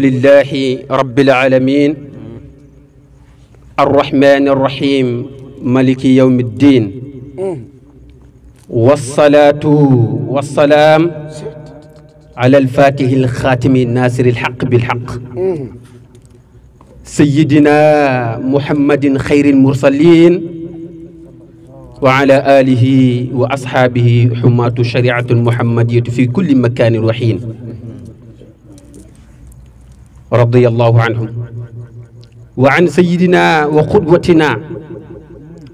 لله رب العالمين الرحمن الرحيم ملك يوم الدين والصلاة والسلام على الفاتح الخاتم الناصر الحق بالحق سيدنا محمد خير المرسلين وعلى آله وأصحابه حماة شريعة محمدية في كل مكان وحين رضي الله عنهم وعن سيدنا وقدوتنا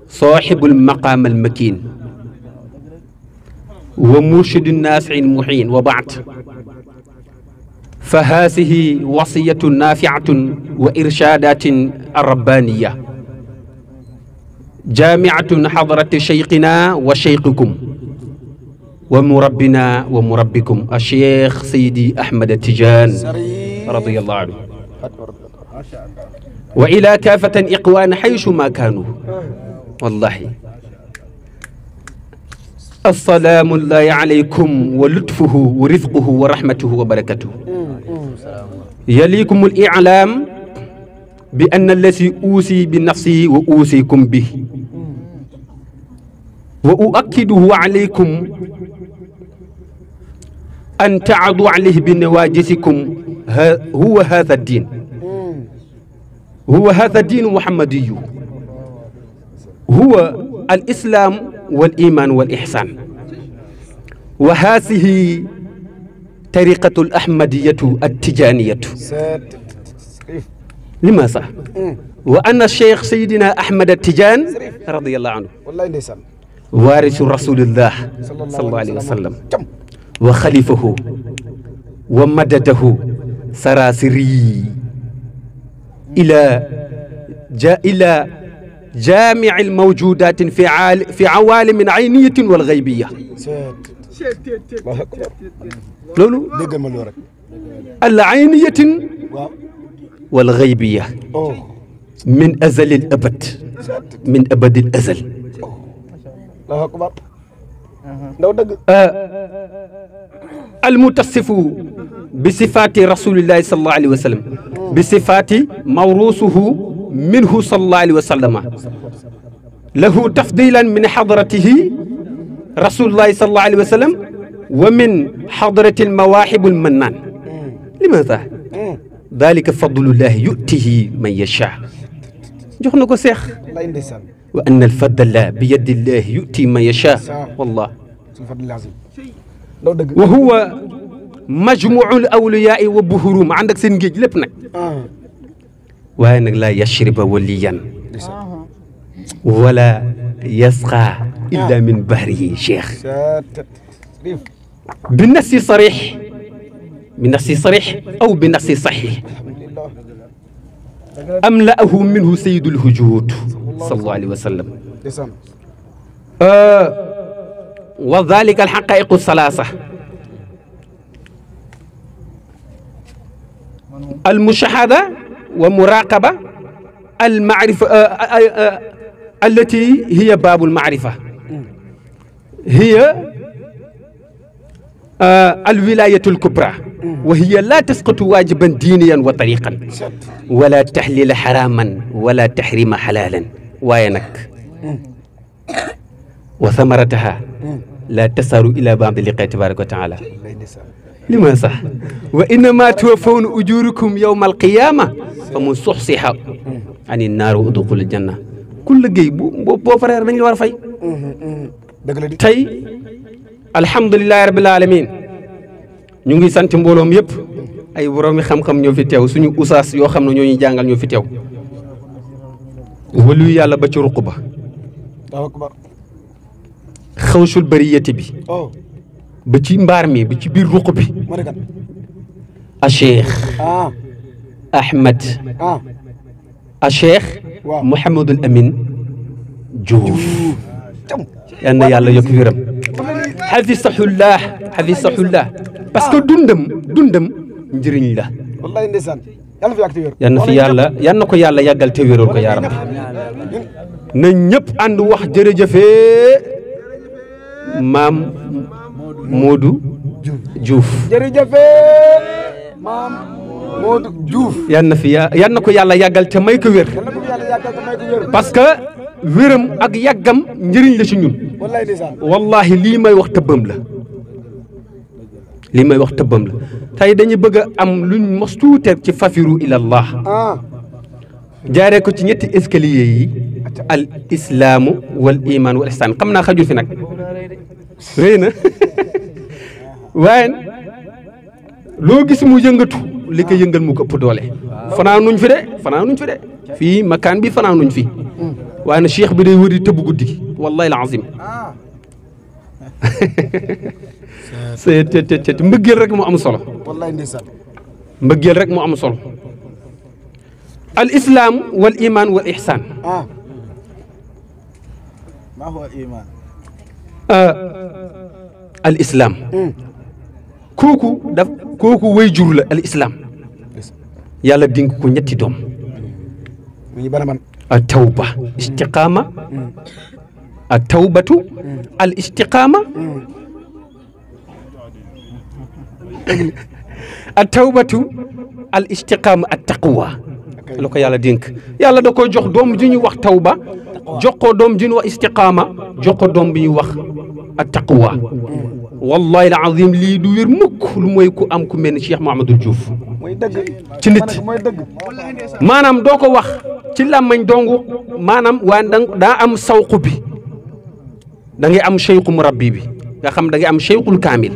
صاحب المقام المكين ومرشد الناس المحين وبعد فهذه وصية نافعة وإرشادات الربانية جامعة حضرة شيخنا وشيخكم ومربنا ومربكم الشيخ سيدي أحمد التجان رضي الله عنه وإلى كافة إقوان حيث ما كانوا والله السلام الله عليكم ولطفه ورفقه ورحمته وبركته يليكم الإعلام بأن الذي أوصي بنفسي وأوصيكم به وأؤكده عليكم أن تعضوا عليه بنواجسكم هو هذا الدين هو هذا الدين محمدي هو الإسلام والإيمان والإحسان وهذه طريقة الأحمدية التجانية لماذا؟ وأن الشيخ سيدنا أحمد التجان رضي الله عنه وارث رسول الله صلى الله عليه وسلم وخليفه ومدده سراسري إلى جا إلى جامع الموجودات في عال في عوالم عينية والغيبية لولو العينية والغيبية من أزل الأبد من أبد الأزل الله أكبر آه. المتصف بصفات رسول الله صلى الله عليه وسلم بصفات موروثه منه صلى الله عليه وسلم له تفضيلا من حضرته رسول الله صلى الله عليه وسلم ومن حضرة المواهب المنان لماذا؟ ذلك فضل الله يؤتيه من يشاء jox شيخ وان الفضل بيد الله يؤتي من يشاء والله وهو مجموع الاولياء وبهروم عندك سين جيج لب نك آه. وين لا يشرب وليا ولا يسقى الا من بحره شيخ بالنص صريح بالنص صريح او بالنص صحيح املاه منه سيد الهجود صلى الله عليه وسلم آه وذلك الحقائق الثلاثه المشاهدة ومراقبة المعرفة آآ آه، آآ آه، آه، التي هي باب المعرفة هي الولاية الكبرى وهي لا تسقط واجبا دينيا وطريقا ولا تحليل حراما ولا تحريم حلالا وينك وثمرتها لا تسار إلى باب اللقاء تبارك وتعالى لما صح وإنما توفون أجوركم يوم القيامة فمن صحصح عن النار ودخول الجنة كل جي بو فرير من الوار فاي تاي الحمد لله رب العالمين نيغي سانت مبولوم ييب ay boroomi xam-xam ñoo fi teew suñu usaas yoo xam ne ñoo ñuy jàngal ñoo fi teew waluyu yàlla ba الله اكبر ba البريه بي bi oh. ba ci mbaar mi ba ci biir ruq bi a cheikh ahmed a cheikh mouhamadul amin diouf yal na yàlla yokk wéram xafisahullah xafisahullah parce que dundam dundam njëriñ la wallahi ndeysaan yal na fi yàlla yal na ko yàlla yàggal te wéral ko yaaram na ñëpp ànd wax jërëjëfee maam Modou Diouf jërëjëf maam Modou Diouf yan na fi yan na ko yàlla yàggal te may ko wér parce que wéram ak yàggam njëriñ la ci ñun wallahi lii may wax tëbbam la lii may wax tëbbam la tey dañu bëgg a am luñ mos tuute ci fafiru ilallah jaaree ko ci ñetti escalier yi al islaamu wal iman wal ihsaan xam naa xajul fi nag رينا وين لو جس مو جنغتو لك ينجل مو كبو دولي فنان نون فيدي فنان نون فيدي في مكان بي فنان نون في وانا شيخ بدي ودي تبو قدي والله العظيم سيت تت تت مبغيل رك مو ام صلو والله ندسال مبغيل رك مو ام صلو الاسلام والايمان والاحسان اه ما هو الايمان al islam kooku daf kooku way jur la al islam yàlla dénk ko ñetti doom a tawba istiqaama a tawbatu al istiqaama a tawbatu al taqwa la ko yàlla dénk yàlla da koy jox doom ju ñu wax tawba jokkoo doom ji ñu wax istiqaama jokkoo doom bi ñuy wax ak taqwa wallahi la azim lii du wér mukk lu mooy ku am ku mel ni Cheikh Mouhamadou Diouf ci nit maanaam doo ko wax ci làmmañ dong maanaam waa daa am sawqu bi da ngay am cheyqu murabbi bi nga xam da ngay am cheyqul kaamil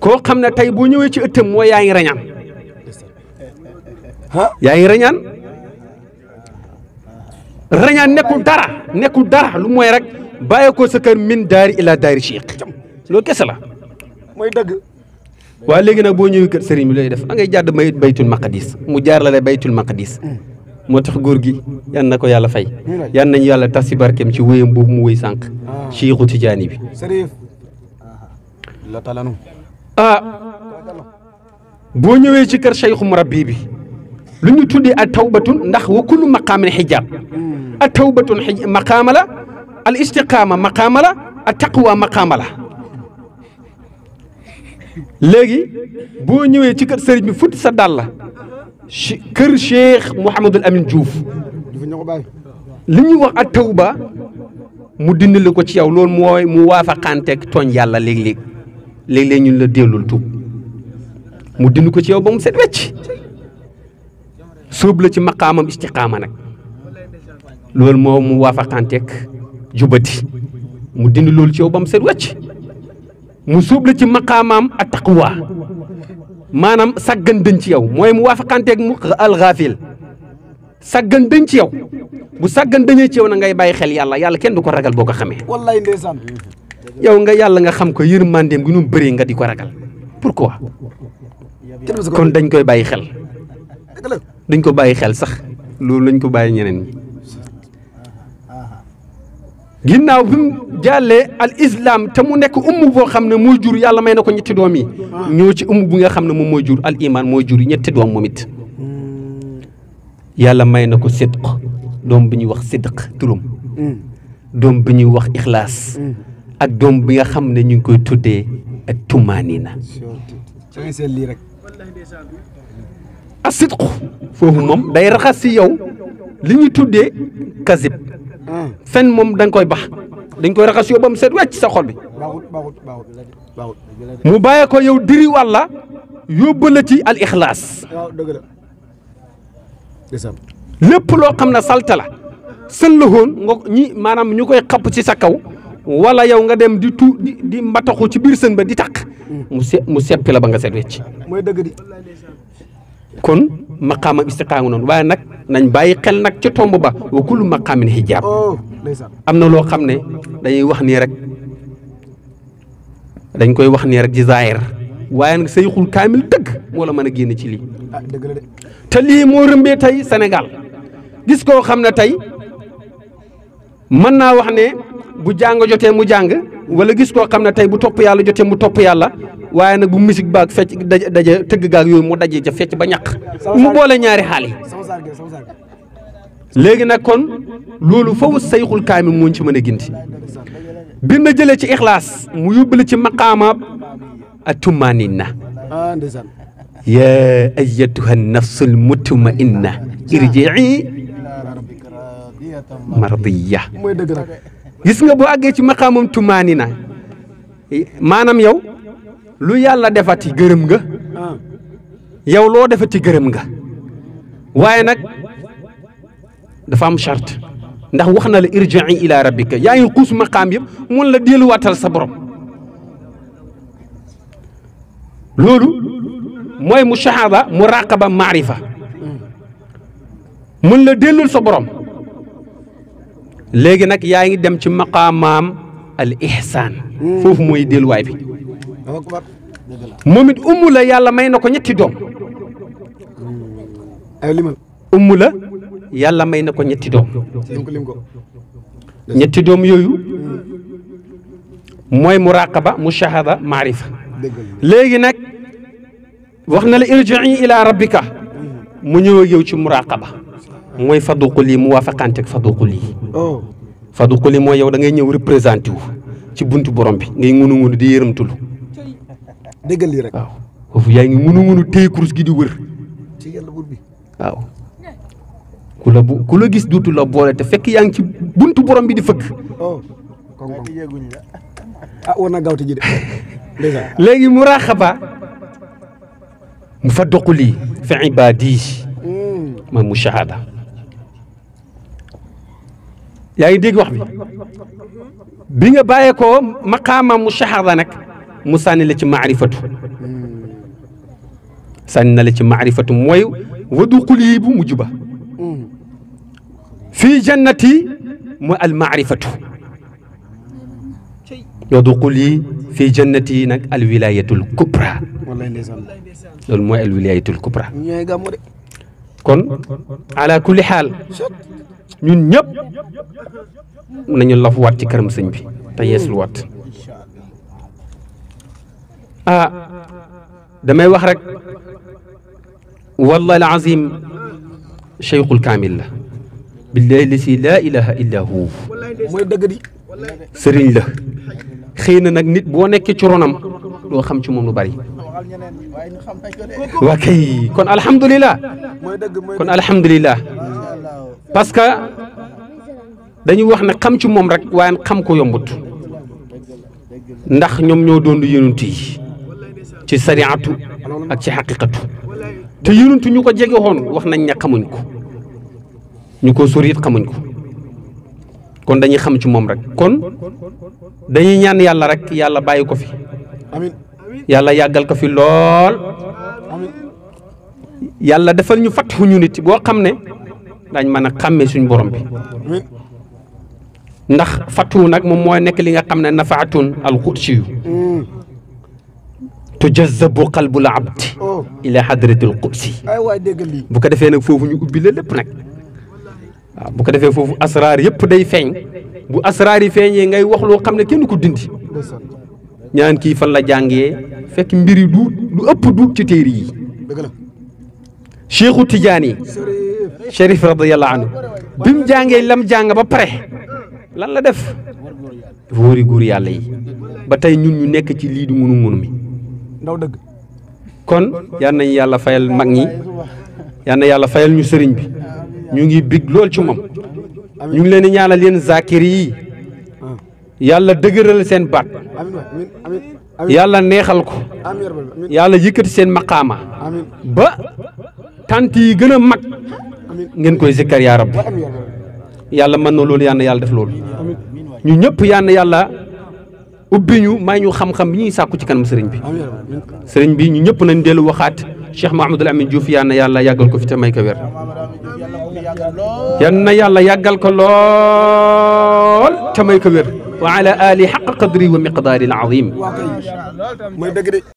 koo xam ne tey boo ñëwee ci ëttam mooy yaa ngi rañaan yaa ngi rañaan رنيا نكون دارا نكون دارا لموي رك بايكو سكر من دار الى دار شيخ لو كسلا موي دغ وا ليغي نا بو نيو كير سيرين لوي داف اغي جاد مي بيت المقدس مو جار لا بيت المقدس موتخ غورغي يان نكو يالا فاي يان نيو يالا تاسي باركم سي ويم بو موي سانك آه. شيخو تجاني بي شريف لا تالانو اه بو نيوي سي كير شيخ مربي بي lu ñu tuddee at tawbatun ndax wa kullu maqaamin xijaab at tawbatun maqaama la al istiqaama maqaama la at taqwa maqaama la léegi boo ñëwee ci kër sëriñ bi fut sa dàll la kër Cheikh Mouhamadul Amin Diouf li ñuy wax at tawba mu dindil ko ci yow loolu mooy mu waafaqanteeg tooñ yàlla léeg-léeg léeg-léeg ñun la dellul tuub mu dind ko ci yow ba mu set wecc soble makamam ci maqamam istiqama nak lol mo mu wafaqantek jubati mu dindi lol ci yow bam set wacc mu soble ci maqamam ak taqwa maanaam saggan dën ci yow moy mu wafaqantek mu ghafil saggan dën ci yow bu saggan ci yow na ngay baye xel yalla yalla kenn duko ragal boko xame wallahi yow nga yalla nga xam ko gi nga di ragal pourquoi kon dañ koy baye xel. duñ ko bàyyi xel sax loolu lañ ko bàyyi ñeneen ñi ginnaaw bi mu jàllee al islam mu nekk umm boo xam ne mooy jur yàlla may na ko ñetti doom yi ñoo ci umm bu nga xam ne moom mooy jur al moo mooy jur ñetti doom moom it yàlla may na ko sidq doom bi ñuy wax sidq turam doom bi ñuy wax ixlaas ak doom bi nga xam ne ñu ngi koy tuddee ak tumaani na asidqu foofu moom day raxas si yow li ñu tuddee kasib ah. fen moom dañ koy bax dañ koy raxas yow ba mu seet wecc sa xol bi mu bàyyee ko yow diri wàlla yóbbu la ci al ixlaas lépp loo xam ne saltala la sën la woon nga ñi maanaam ñu koy xapp ci sa kaw wala yow nga dem di tu di mbataxu ci biir sën ba di takk mm. mu se mu seppi la ba nga seet wecc kon maqaamam istiqaama noonu waaye nag nañ bàyyi xel nag ci tomb ba wa kullu maqaamin hijaab oh, am na loo xam ne dañuy wax nii rek dañ koy wax nii rek ci waaye nag sayxul kaamil dëgg moo la mën a génn ci lii ah, te lii moo rëmbee tey senegal gis goo xam ne tey mën naa wax ne bu jàng jotee mu jàng wala gis goo xam ne tey bu topp yàlla jotee mu topp yàlla waaye nag bu musique baag fecc daje daje tëgg gaag yooyu mu daje ca fecc ba ñàq mu boole ñaari xaal yi léegi nag kon loolu faw sayxul kaamil moo ci mën a ginti bi ma jëlee ci ixlaas mu yóbbale ci maqaama a tumaninna ah, yaa ayyatuha nafsul mutmainna irjii mardiya gis nga boo àggee ci maqaamam na maanaam yow lu yàlla defati geureum nga yow lo defati geureum nga waye nak dafa am charte ndax waxna la irjai ila rabbika ya ngi xuus maqaam yëpp mun la watal sa borom lolu moy mushahada muraqaba ma'rifa mon la delu sa borom legi nak ya ngi dem ci maqamam al ihsaan foofu mooy delluwaay bi moom it ummu la yàlla may na ko ñetti doom ummu la yàlla may na ko ñetti doom ñetti doom yooyu mooy muraqaba mushahada maarifa léegi nag wax na la irjii ila rabbika mu ñëw ak yow ci muraqaba mooy faduqu lii mu waafaqante ak faduqu lii oh. faduqu lii mooy yow da ngay ñëw représenté wu ci buntu borom bi ngay ngunu ngunu di yërëmtulu déggal lii rek. waaw foofu yaa ngi munu munu téye kurus gi di wër. ci yàlla gis duutu la te fekk yaa ngi ci buntu borom bi di fëgg. oh kon ah, léegi mu raxaba fa doquli fi ibaadi hmm. ma mu yaa ngi dégg wax bi hmm. bi nga bàyyee ko maqaama mu shahada مساني لك معرفته سنة لك معرفة موي ودخلي بمجبة في جنتي مو المعرفة ودخلي في جنتي نك الولاية الكبرى والله الولاية الكبرى كون على كل حال من يب من يلف وات كرم سنبي تيس الوات آه، دمي وخرك والله العظيم شيخ الكامل له بالله الذي لا اله الا هو موي دغري سرين له خينا نك نيت بو نيكي تشرونم لو خم تي موم لو بري وكي كون الحمد لله كون الحمد لله باسكو داني واخني خم تي موم رك وان خم كو يومبوت ndax ñom ñoo doon yuñuti ci sariatu ak ci xaqiqatu te yonentu ñu ko jege woon wax nañ ne xamuñ ko ñu ko sori it xamuñ ko kon dañuy xam ci moom rek kon dañuy ñaan yàlla rek yàlla bàyyi ko fi yàlla yàggal ko fi lool yàlla defal ñu fatixu ñu nit boo xam ne dañ mën a xàmmee suñu borom bi ndax fatixu nag moom mooy nekk li nga xam ne nafaatun alxursiyu mm. تجذب قلب العبد الى حضرة القدس بوكا دافي نك فوفو نيو اوبي لييب نك آه، بوكا دافي فوفو اسرار ييب داي فين بو اسرار فين ياي واخ لو خامني كين كو دندي نيان كي فان لا جانغي فك ميري دو لو اوب دو تي تيري شيخ تجاني شريف رضي الله عنه بيم جانغي لام جانغ با بري لان لا ديف ووري غور يالله با تاي نون ني نيك تي لي دو مونو مونو ndaw dëgg kon yal yàlla fayal mag ñi yal yàlla fayal ñu sëriñ bi ñu ngi big lool ci moom ñu ngi leen di ñaanal yéen zakir yi ah. yàlla dëgëral seen baat yàlla neexal ko yàlla yëkkati seen maqaama ba tant yi gën a mag ngeen koy zikkar yaa yàlla mën na loolu yal yàlla def loolu ñu ñëpp yal yàlla ubbiñu ñu ñu xam-xam bi sàkku ci kanam sëriñ bi sëriñ bi ñu ñëpp nañ delu waxaat Cheikh Mouhamadoul Amine amin yal na yàlla yagal ko fi te may ko wér yal na yàlla yàggal ko lol te may ko wér wa ala ali haqq qadri wa miqdari al azim